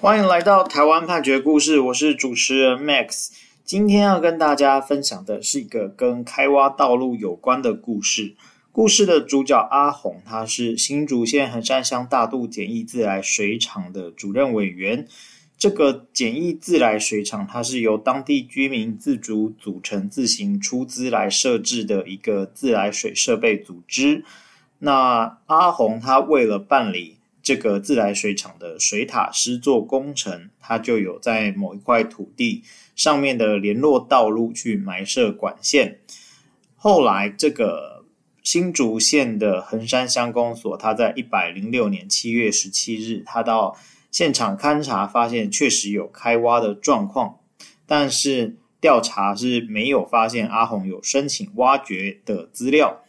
歡迎來到台灣判決故事，我是主持人 Max。今天要跟大家分享的是一個跟開挖道路有關的故事。故事的主角阿鴻，他是新竹縣橫山鄉大渡簡易自來水廠的主任委員。這個簡易自來水廠，它是由當地居民自主組成、自行出資來設置的一個自來水設備組織。那阿鴻他為了辦理這個自來水廠的水塔施作工程，它就有在某一塊土地上面的聯絡道路去埋設管線。後來，這個新竹縣的橫山鄉公所，他在一百零六年七月十七日，他到現場勘查，發現確實有開挖的狀況，但是調查是沒有發現阿鴻有申請挖掘的資料，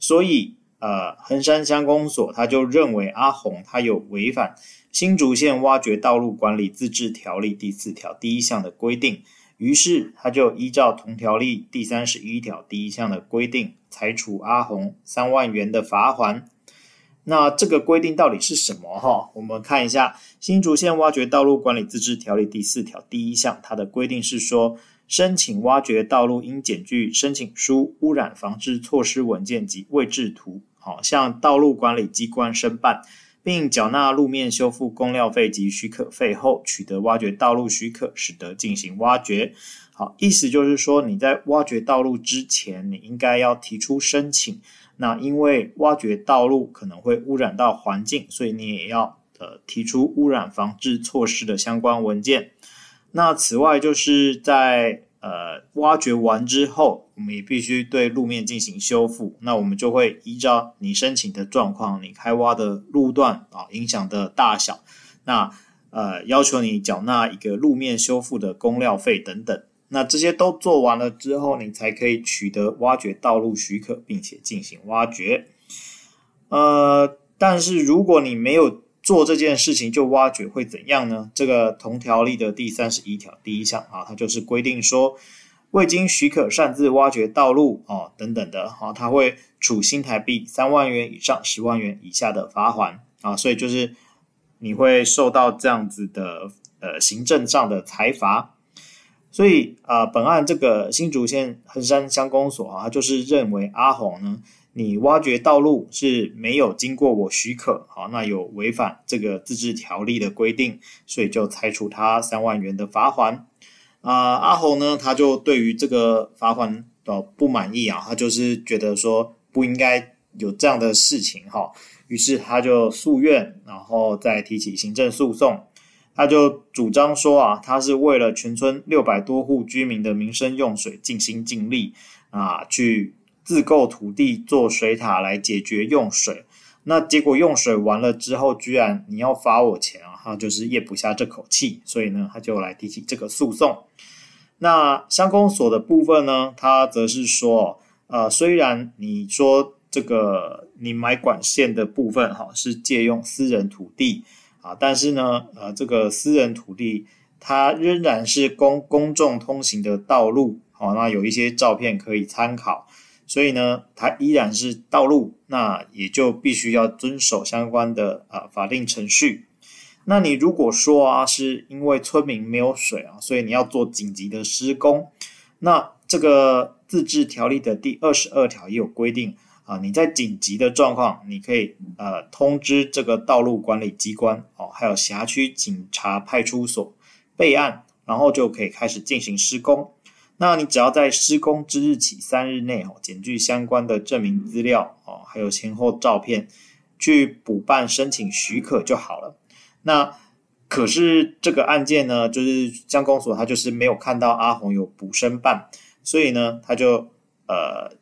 所以，呃，橫山鄉公所他就認為阿鴻他有違反新竹縣挖掘道路管理自治條例第四條、第一項的規定，於是他就依照同條例第三十一條、第一項的規定，裁處阿鴻三萬元的罰鍰。那這個規定到底是什麼？哈，我們看一下新竹縣挖掘道路管理自治條例第四條、第一項，它的規定是說，申請挖掘道路應檢具申請書、污染防治措施文件及位置圖。好，向道路管理機關申辦，並繳納路面修復工料費及許可費後，取得挖掘道路許可，始得進行挖掘。好，意思就是說，你在挖掘道路之前，你應該要提出申請。那因為挖掘道路可能會污染到環境，所以你也要呃提出污染防治措施的相關文件。那此外，就是在呃，挖掘完之後，我們也必須對路面進行修復。那我們就會依照你申請的狀況，你開挖的路段啊，影響的大小，那呃，要求你繳納一個路面修復的工料費等等。那這些都做完了之後，你才可以取得挖掘道路許可，並且進行挖掘。呃，但是如果你沒有做這件事情就挖掘會怎樣呢？這個同條例的第三十一條第一項啊，它就是規定說，未經許可擅自挖掘道路啊等等的啊，它會處新台幣三萬元以上十萬元以下的罰鍰啊，所以就是你會受到這樣子的呃行政上的裁罰。所以啊、呃，本案這個新竹縣橫山鄉公所啊，它就是認為阿鴻呢。你挖掘道路是沒有經過我許可，好，那有違反這個自治條例的規定，所以就裁處他三萬元的罰鍰啊、呃，阿鴻呢，他就對於這個罰鍰的不滿意啊，他就是覺得說不應該有這樣的事情哈、啊，於是他就訴願，然後再提起行政訴訟，他就主張說啊，他是為了全村六百多戶居民的民生用水盡心盡力啊去。自購土地做水塔來解決用水，那結果用水完了之後，居然你要罰我錢啊！哈，就是嚥不下這口氣，所以呢，他就來提起這個訴訟。那鄉公所的部分呢，他則是說，呃，雖然你說這個你埋管線的部分哈是借用私人土地啊，但是呢，呃，這個私人土地它仍然是公公眾通行的道路。好、哦，那有一些照片可以參考。所以呢，它依然是道路，那也就必須要遵守相關的啊、呃、法定程序。那你如果說啊，是因為村民沒有水啊，所以你要做緊急的施工，那這個自治條例的第二十二條也有規定啊、呃，你在緊急的狀況，你可以呃通知這個道路管理機關哦、呃，還有轄區警察派出所備案，然後就可以開始進行施工。那你只要在施工之日起三日內哦，檢具相關的證明資料哦，還有前後照片，去補辦申請許可就好了。那可是這個案件呢，就是鄉公所他就是沒有看到阿鴻有補申辦，所以呢，他就呃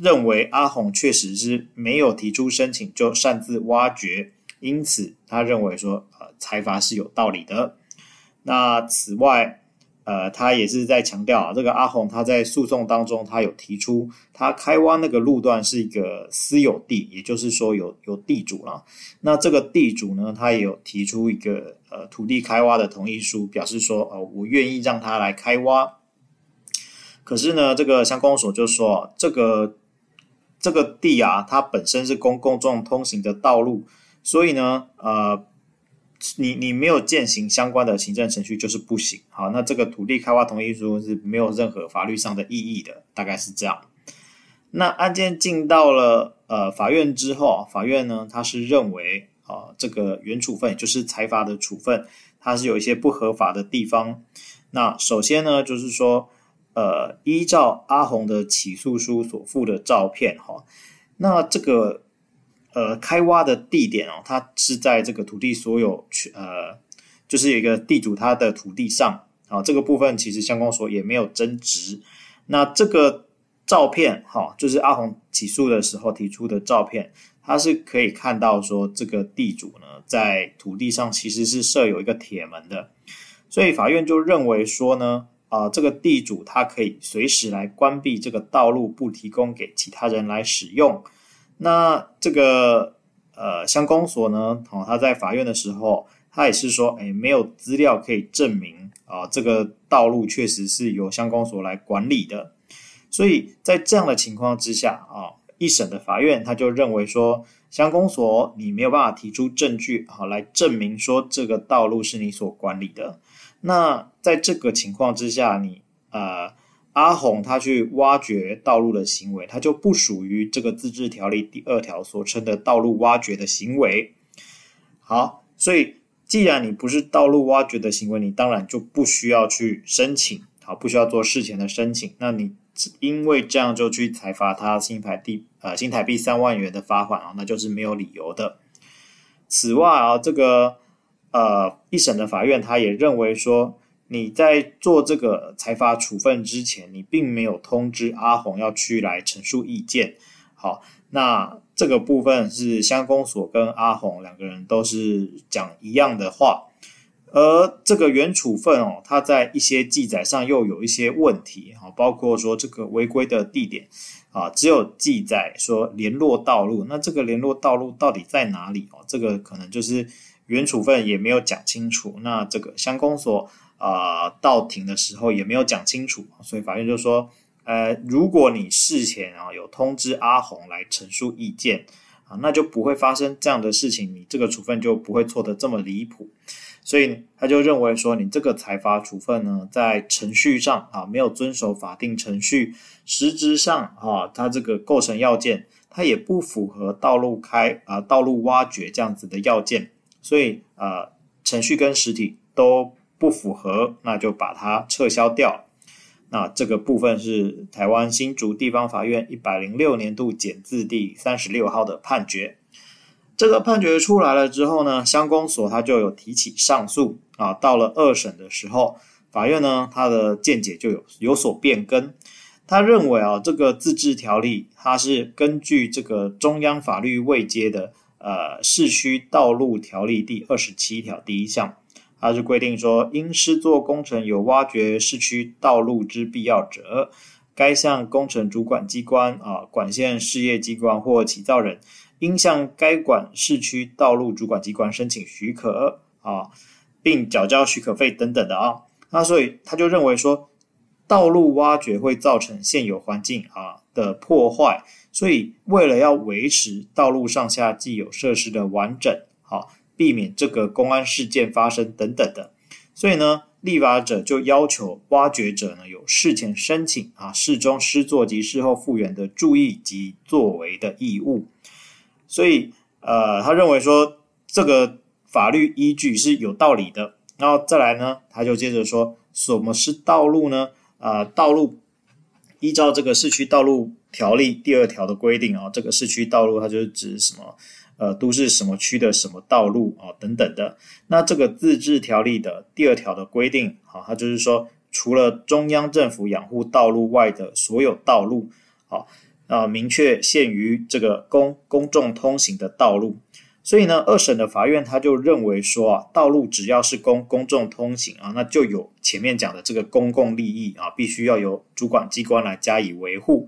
認為阿鴻確實是沒有提出申請就擅自挖掘，因此他認為說呃裁罰是有道理的。那此外。呃，他也是在強調啊，這個阿鴻他在訴訟當中，他有提出他開挖那個路段是一個私有地，也就是說有有地主了、啊。那這個地主呢，他也有提出一個呃土地開挖的同意書，表示說呃我願意讓他來開挖。可是呢，這個鄉公所就說、啊、這個這個地啊，它本身是公眾通行的道路，所以呢，呃。你你沒有踐行相關的行政程序就是不行，好，那這個土地開發同意書是沒有任何法律上的意義的，大概是這樣。那案件進到了呃法院之後，法院呢他是認為啊、呃、這個原處分就是裁罰的處分，它是有一些不合法的地方。那首先呢就是說，呃依照阿鴻的起訴書所附的照片哈、哦，那這個。呃，開挖的地點哦，它是在這個土地所有權，呃，就是有一個地主他的土地上啊、哦，這個部分其實鄉公所也沒有爭執。那這個照片哈、哦，就是阿鴻起訴的時候提出的照片，它是可以看到說這個地主呢，在土地上其實是設有一個鐵門的，所以法院就認為說呢，啊、呃，這個地主他可以隨時來關閉這個道路，不提供給其他人來使用。那這個呃，鄉公所呢，哦，他在法院的時候，他也是說，哎，沒有資料可以證明啊、哦，這個道路確實是由鄉公所來管理的。所以在這樣的情況之下啊、哦，一審的法院他就認為說，鄉公所你沒有辦法提出證據啊、哦，來證明說這個道路是你所管理的。那在這個情況之下，你啊。呃阿鴻他去挖掘道路的行為，他就不屬於這個自治條例第二條所稱的道路挖掘的行為。好，所以既然你不是道路挖掘的行為，你當然就不需要去申請，好，不需要做事前的申請。那你只因為這樣就去裁罰他新台幣呃新台幣三萬元的罰款啊、哦，那就是沒有理由的。此外啊，這個呃一審的法院他也認為說。你在做這個裁罰處分之前，你並沒有通知阿鴻要去來陳述意見。好，那這個部分是鄉公所跟阿鴻兩個人都是講一樣的話。而這個原處分哦，它在一些記載上又有一些問題哈，包括說這個違規的地點啊，只有記載說聯絡道路，那這個聯絡道路到底在哪裡哦？這個可能就是原處分也沒有講清楚，那這個鄉公所啊、呃、到庭的時候也沒有講清楚，所以法院就說，呃，如果你事前啊有通知阿鴻來陳述意見啊，那就不會發生這樣的事情，你這個處分就不會錯得這麼離譜。所以他就認為說，你這個裁罰處分呢，在程序上啊沒有遵守法定程序，實質上啊，它這個構成要件，它也不符合道路開啊道路挖掘這樣子的要件，所以啊，程序跟實體都不符合，那就把它撤銷掉。那這個部分是台灣新竹地方法院一百零六年度簡字第三十六號的判決。這個判決出來了之後呢，鄉公所他就有提起上訴啊。到了二審的時候，法院呢他的見解就有有所變更。他認為啊，這個自治條例它是根據這個中央法律位階的呃《市區道路條例》第二十七條第一項，它是規定說，因施作工程有挖掘市區道路之必要者，該項工程主管機關啊，管線事業機關或起造人。應向該管市區道路主管機關申請許可啊，並繳交許可費等等的啊。那所以他就認為說，道路挖掘會造成現有環境啊的破壞，所以為了要維持道路上下既有設施的完整，好、啊、避免這個公安事件發生等等的，所以呢，立法者就要求挖掘者呢有事前申請啊、事中施作及事後復原的注意及作為的義務。所以，呃，他認為說這個法律依據是有道理的。然後再來呢，他就接着說，什麼是道路呢？啊、呃，道路依照這個市區道路條例第二條的規定啊、哦，這個市區道路它就是指什麼？呃，都市什麼區的什麼道路啊、哦，等等的。那這個自治條例的第二條的規定好、哦，它就是說，除了中央政府養護道路外的所有道路，好、哦。啊，明確限於這個公公眾通行的道路，所以呢，二審的法院他就認為說啊，道路只要是公公眾通行啊，那就有前面講的這個公共利益啊，必須要由主管機關來加以維護，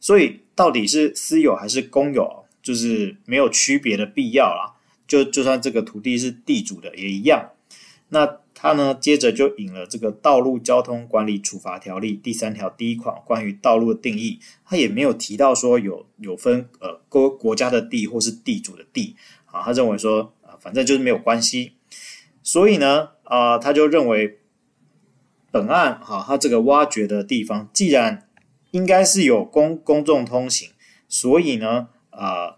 所以到底是私有還是公有，就是沒有區別的必要啦，啊。就就算這個土地是地主的也一樣，那。他呢，接着就引了這個《道路交通管理處罰條例》第三條第一款關於道路的定義，他也沒有提到說有有分呃國國家的地或是地主的地啊，他認為說啊、呃，反正就是沒有關係，所以呢啊、呃，他就認為本案哈、啊，他這個挖掘的地方既然應該是有公公眾通行，所以呢啊，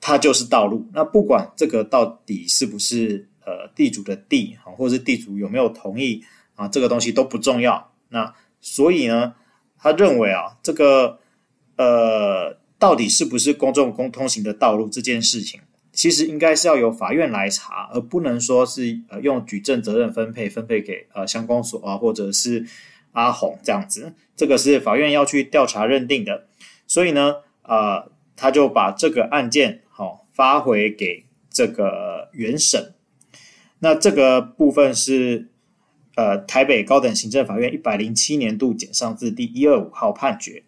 它、呃、就是道路，那不管這個到底是不是。呃，地主的地啊，或者是地主有沒有同意啊？這個東西都不重要。那所以呢，他認為啊，這個呃，到底是不是公眾公通行的道路這件事情，其實應該是要由法院來查，而不能說是呃用舉證責任分配分配給呃鄉公所啊，或者是阿鴻這樣子。這個是法院要去調查認定的。所以呢，啊、呃，他就把這個案件哦發回給這個原審。那這個部分是，呃，台北高等行政法院一百零七年度簡上字第一二五號判決。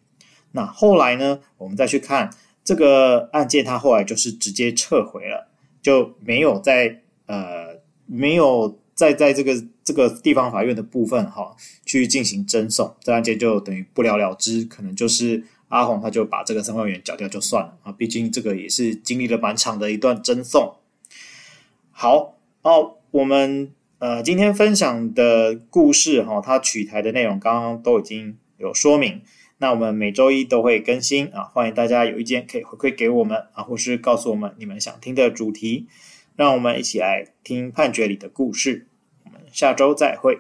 那後來呢，我們再去看這個案件，他後來就是直接撤回了，就沒有在呃，沒有再在，在這個這個地方法院的部分哈、哦，去進行爭訟。這案件就等於不了了之，可能就是阿鴻他就把這個三萬元繳掉就算了啊。畢竟這個也是經歷了蠻長的一段爭訟。好。哦，oh, 我們呃今天分享的故事哈，它、哦、取材的內容剛剛都已經有說明。那我們每週一都會更新啊，歡迎大家有意見可以回饋給我們啊，或是告訴我們你們想聽的主題，讓我們一起來聽判決裡的故事。我們下週再會。